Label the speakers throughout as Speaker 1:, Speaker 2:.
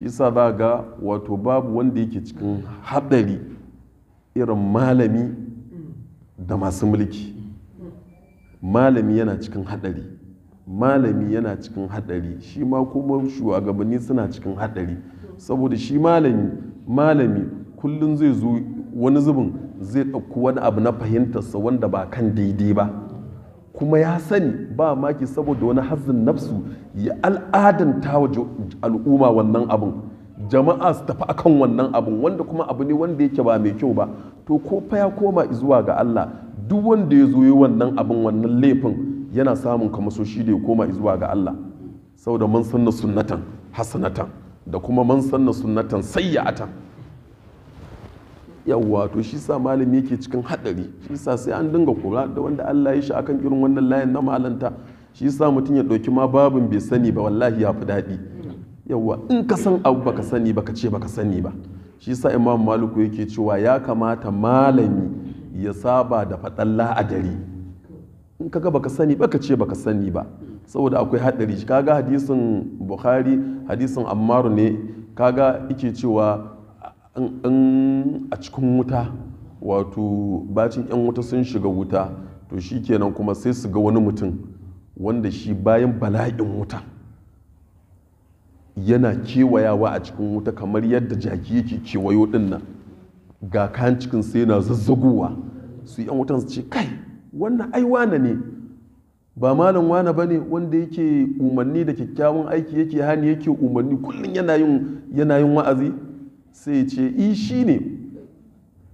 Speaker 1: isa za ga wato babu wanda yake cikin haɗari irin malami da masu mulki malami yana cikin haɗari malami yana cikin haɗari shi ma kuma shugabanni suna cikin haɗari saboda shi malami malami kullum zai zo wani zubin zai ɗauki wani abu na fahimtarsa wanda ba kan daidai ba kuma ya sani ba maki saboda wani hazin nafsu ya al'adanta wa al'umma wannan abin jama'a su tafi akan wannan abin wanda kuma abu ne wanda yake ba mai kyau ba to ko fa ya koma zuwa ga Allah duk wanda ya zo yi wannan abin wannan laifin yana samun so shi da ya koma zuwa ga Allah saboda man sanna sunnatan hasanatan da kuma man sanna sunnatan sayyatan yawwa to shi sa malami yake cikin hadari shi sa sai an dinga kula da wanda Allah ya shi akan irin wannan layin na malanta shi sa mutum ya ɗauki ma babin bai sani ba wallahi ya fi daɗi yawa in ka san abu baka sani baka ce baka sani ba shi sa imam maliku yake cewa ya kamata malami ya saba da faɗan la'adari in kaga baka sani baka ce baka sani ba saboda akwai haɗari kaga hadisin bukhari hadisin ammaru ne kaga yake cewa in a cikin wuta wato bacin 'yan wuta sun shiga wuta to shi kenan kuma sai su ga wani mutum wanda shi bayan bala'in wuta yana kewayawa a cikin wuta kamar yadda jaki yake kewayo din nan ga kayan cikin sai yana zazzagowa su yan wutan su ce kai wannan ai wane ne ba malam wane bane wanda yake umarni da kyakkyawan aiki yake hani yake umarni kullum yana yin wa'azi sai ce i eh, shi ne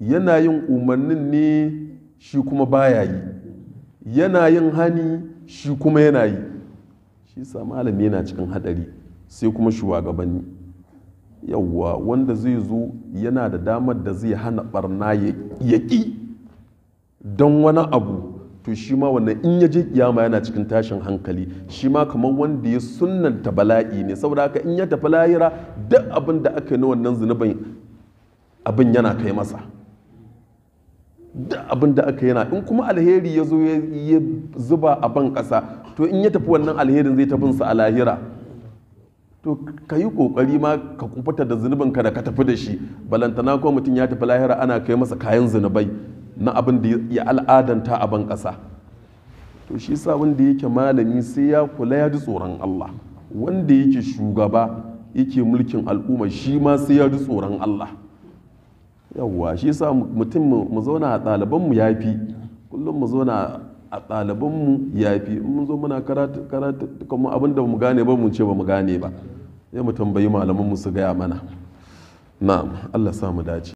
Speaker 1: yana yin umarnin ne shi kuma baya yi yana yin hani shi kuma yana yi shi sa malami yana cikin hadari sai kuma shugabanni yawwa wanda zai zo yana da damar da zai hana barna ya ƙi don wani abu to shi ma wannan in ya je kiyama yana cikin tashin hankali shi ma kamar wanda ya sunanta bala'i ne saboda haka in ya tafi lahira duk abin da aka yi na wannan zunubin abin yana kai masa duk abin da aka yana in kuma alheri ya zo ya zuba a ban ƙasa to in ya tafi wannan alherin zai tafinsa a lahira to ka yi kokari ma ka kufuta da zunubin ka da ka tafi da shi balantana ko mutum ya tafi lahira ana kai masa kayan zunubai na abin da ya al'adanta a ban ƙasa to shi sa wanda yake malami sai ya kula ya ji tsoron Allah wanda yake shugaba yake mulkin al'umma shi ma sai ya ji tsoron Allah yawwa shi sa mutum mu zauna a ɗalibanmu ya fi kullum mu zauna a ɗalibanmu ya fi mun zo muna karatu kuma abin da mu gane ba mu ce ba mu gane ba sai mu tambayi malaman mu su gaya mana na'am Allah sa mu dace